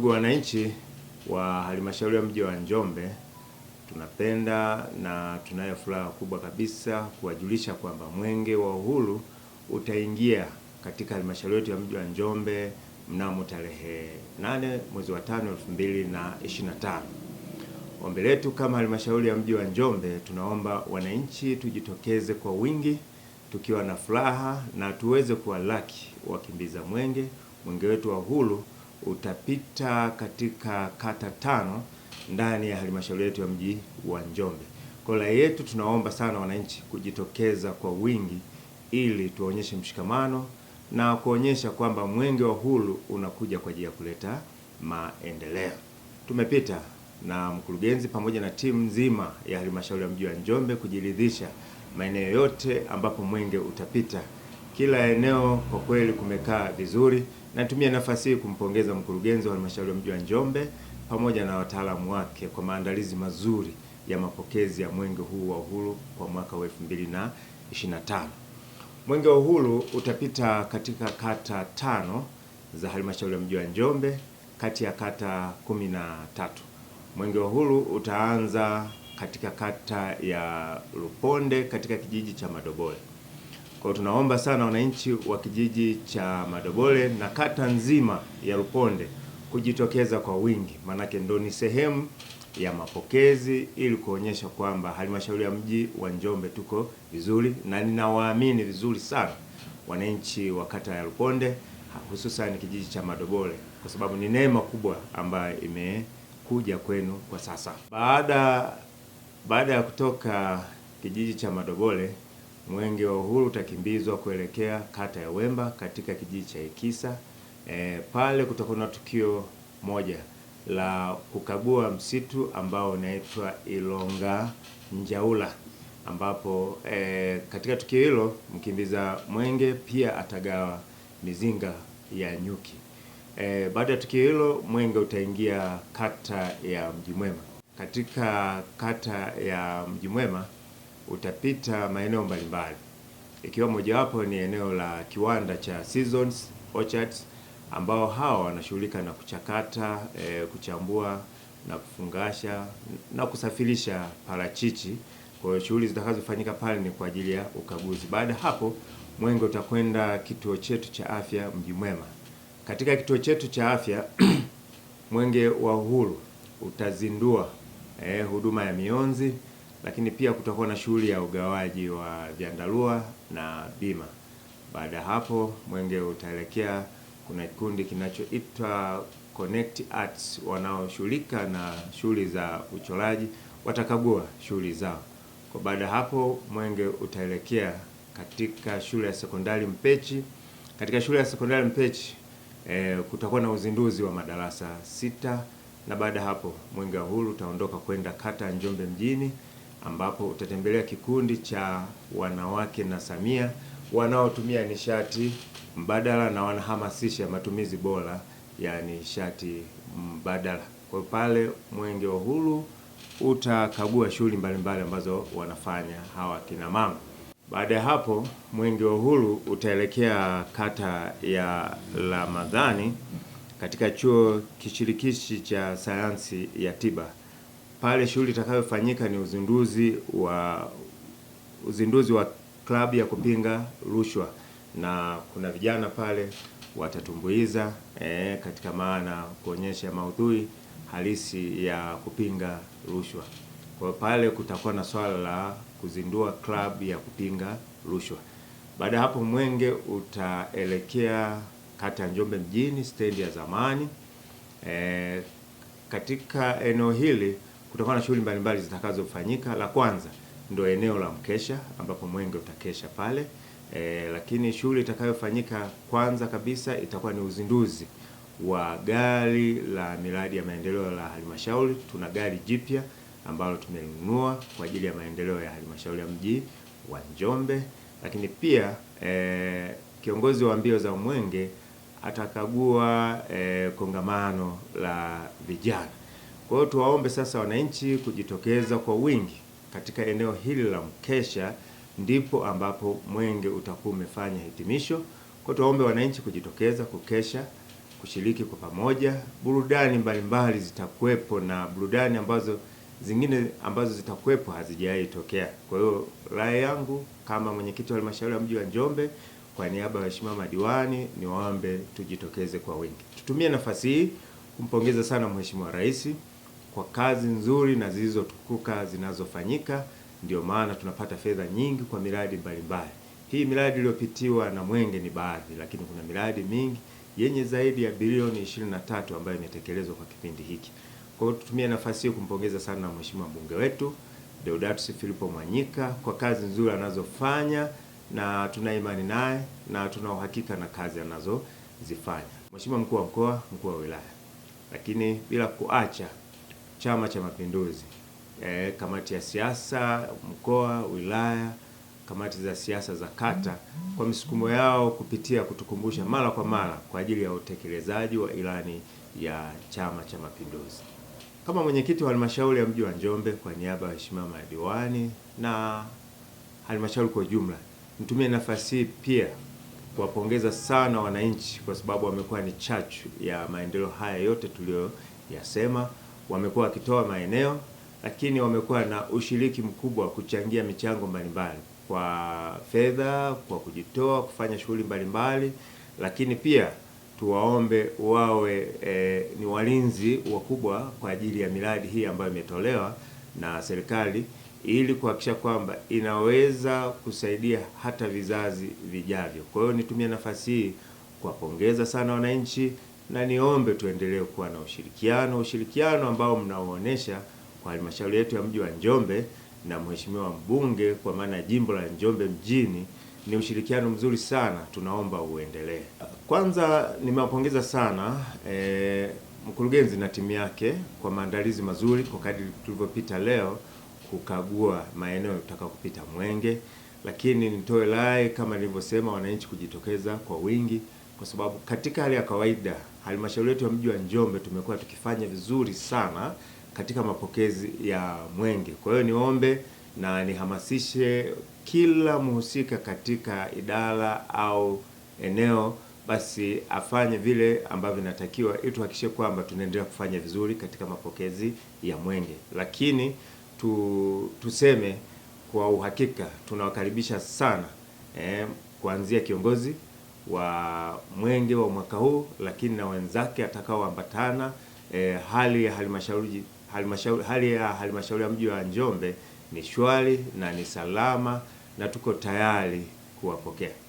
Ndugu wananchi wa halmashauri ya mji wa Njombe, tunapenda na tunayo furaha kubwa kabisa kuwajulisha kwamba Mwenge wa Uhuru utaingia katika halmashauri yetu ya mji wa Njombe mnamo tarehe 8 mwezi wa 5 2025. Ombi letu kama halmashauri ya mji wa Njombe, tunaomba wananchi tujitokeze kwa wingi tukiwa na furaha na tuweze kuwalaki wakimbiza mwenge mwenge wetu wa uhuru utapita katika kata tano ndani ya halmashauri yetu ya mji wa Njombe. Kwa rai yetu, tunaomba sana wananchi kujitokeza kwa wingi ili tuonyeshe mshikamano na kuonyesha kwamba mwenge wa uhuru unakuja kwa ajili ya kuleta maendeleo. Tumepita na mkurugenzi pamoja na timu nzima ya halmashauri ya mji wa Njombe kujiridhisha maeneo yote ambapo mwenge utapita kila eneo kwa kweli kumekaa vizuri. Natumia nafasi hii kumpongeza mkurugenzi wa halmashauri ya mji wa Njombe pamoja na wataalamu wake kwa maandalizi mazuri ya mapokezi ya mwenge huu wa uhuru kwa mwaka wa 2025. Mwenge wa uhuru utapita katika kata tano za halmashauri ya mji wa Njombe kati ya kata kumi na tatu. Mwenge wa uhuru utaanza katika kata ya Luponde katika kijiji cha Madoboe. Kwa tunaomba sana wananchi wa kijiji cha Madobole na kata nzima ya Luponde kujitokeza kwa wingi, maanake ndo ni sehemu ya mapokezi ili kuonyesha kwamba halmashauri ya mji wa Njombe tuko vizuri, na ninawaamini vizuri sana wananchi wa kata ya Luponde hususan kijiji cha Madobole kwa sababu ni neema kubwa ambayo imekuja kwenu kwa sasa. Baada baada ya kutoka kijiji cha Madobole Mwenge wa Uhuru utakimbizwa kuelekea kata ya Wemba katika kijiji cha Ikisa. E, pale kutakuwa na tukio moja la kukagua msitu ambao unaitwa Ilonga Njaula ambapo e, katika tukio hilo mkimbiza mwenge pia atagawa mizinga ya nyuki. E, baada ya tukio hilo mwenge utaingia kata ya Mji Mwema. Katika kata ya Mji Mwema utapita maeneo mbalimbali, ikiwa mojawapo ni eneo la kiwanda cha Seasons Orchards ambao hawa wanashughulika na kuchakata e, kuchambua na kufungasha na kusafirisha parachichi. Kwa hiyo shughuli zitakazofanyika pale ni kwa ajili ya ukaguzi. Baada hapo, mwenge utakwenda kituo chetu cha afya Mji Mwema. Katika kituo chetu cha afya mwenge wa uhuru utazindua e, huduma ya mionzi lakini pia kutakuwa na shughuli ya ugawaji wa vyandarua na bima. Baada ya hapo, mwenge utaelekea, kuna kikundi kinachoitwa Connect Arts wanaoshughulika na shughuli za uchoraji, watakagua shughuli zao. Kwa baada ya hapo, mwenge utaelekea katika shule ya sekondari Mpechi. Katika shule ya sekondari Mpechi e, kutakuwa na uzinduzi wa madarasa sita, na baada ya hapo mwenge wa uhuru utaondoka kwenda kata ya Njombe mjini ambapo utatembelea kikundi cha wanawake na Samia wanaotumia nishati mbadala na wanahamasisha matumizi bora ya nishati mbadala. Kwa pale Mwenge wa Uhuru utakagua shughuli mbalimbali ambazo wanafanya hawa kina mama. Baada ya hapo, Mwenge wa Uhuru utaelekea kata ya Ramadhani katika chuo kishirikishi cha sayansi ya tiba pale shughuli itakayofanyika ni uzinduzi wa uzinduzi wa klabu ya kupinga rushwa, na kuna vijana pale watatumbuiza e, katika maana kuonyesha maudhui halisi ya kupinga rushwa. Kwa hiyo pale kutakuwa na swala la kuzindua klabu ya kupinga rushwa. Baada ya hapo, mwenge utaelekea kata ya Njombe mjini, stendi ya zamani. E, katika eneo hili kutokana na shughuli mbalimbali zitakazofanyika. La kwanza ndo eneo la mkesha ambapo mwenge utakesha pale e, lakini shughuli itakayofanyika kwanza kabisa itakuwa ni uzinduzi wa gari la miradi ya maendeleo la halmashauri. Tuna gari jipya ambalo tumelinunua kwa ajili ya maendeleo ya halmashauri ya mji wa Njombe, lakini pia e, kiongozi wa mbio za mwenge atakagua e, kongamano la vijana kwa hiyo tuwaombe sasa wananchi kujitokeza kwa wingi katika eneo hili la mkesha, ndipo ambapo mwenge utakuwa umefanya hitimisho. Kwa tuwaombe wananchi kujitokeza kukesha, kushiriki kwa pamoja. Burudani mbalimbali zitakuwepo na burudani ambazo zingine ambazo zitakuwepo hazijawahi tokea. Kwa hiyo rai yangu kama mwenyekiti wa halmashauri ya mji wa Njombe, kwa niaba ya waheshimiwa madiwani, niwaombe tujitokeze kwa wingi. Tutumie nafasi hii kumpongeza sana Mheshimiwa Rais kwa kazi nzuri na zilizotukuka zinazofanyika. Ndio maana tunapata fedha nyingi kwa miradi mbalimbali. Hii miradi iliyopitiwa na mwenge ni baadhi, lakini kuna miradi mingi yenye zaidi ya bilioni 23 ambayo imetekelezwa kwa kipindi hiki. Kwa hiyo tutumie nafasi hiyo kumpongeza sana mheshimiwa mbunge wetu Deodatus Filipo Mwanyika kwa kazi nzuri anazofanya, na tuna imani naye na tuna uhakika na kazi anazozifanya. Mheshimiwa mkuu wa mkoa, mkuu wa wilaya, lakini bila kuacha Chama cha Mapinduzi, e, kamati ya siasa mkoa, wilaya, kamati za siasa za kata, kwa misukumo yao kupitia kutukumbusha mara kwa mara kwa ajili ya utekelezaji wa ilani ya Chama cha Mapinduzi. Kama mwenyekiti wa halmashauri ya mji wa Njombe, kwa niaba ya waheshimiwa madiwani na halmashauri kwa ujumla, nitumie nafasi hii pia kuwapongeza sana wananchi kwa sababu wamekuwa ni chachu ya maendeleo haya yote tuliyoyasema wamekuwa wakitoa maeneo, lakini wamekuwa na ushiriki mkubwa kuchangia michango mbalimbali kwa fedha, kwa kujitoa kufanya shughuli mbalimbali, lakini pia tuwaombe wawe e, ni walinzi wakubwa kwa ajili ya miradi hii ambayo imetolewa na serikali ili kuhakikisha kwamba inaweza kusaidia hata vizazi vijavyo. Kwa hiyo nitumie nafasi hii kuwapongeza sana wananchi na niombe tuendelee kuwa na ushirikiano, ushirikiano ambao mnaoonyesha kwa halmashauri yetu ya mji wa Njombe na mheshimiwa mbunge kwa maana ya jimbo la Njombe mjini ni ushirikiano mzuri sana, tunaomba uendelee. Kwanza nimewapongeza sana e, mkurugenzi na timu yake kwa maandalizi mazuri, kwa kadri tulivyopita leo kukagua maeneo tutaka kupita Mwenge, lakini nitoe rai kama nilivyosema, wananchi kujitokeza kwa wingi kwa sababu katika hali ya kawaida halmashauri yetu ya mji wa Njombe tumekuwa tukifanya vizuri sana katika mapokezi ya mwenge. Kwa hiyo niombe na nihamasishe kila mhusika katika idara au eneo basi afanye vile ambavyo inatakiwa ili tuhakikishe kwamba tunaendelea kufanya vizuri katika mapokezi ya mwenge. Lakini tu, tuseme kwa uhakika tunawakaribisha sana eh, kuanzia kiongozi wa mwenge wa mwaka huu, lakini na wenzake atakaoambatana. E, hali ya halmashauri halmashauri hali ya halmashauri ya mji wa Njombe ni shwari na ni salama na tuko tayari kuwapokea.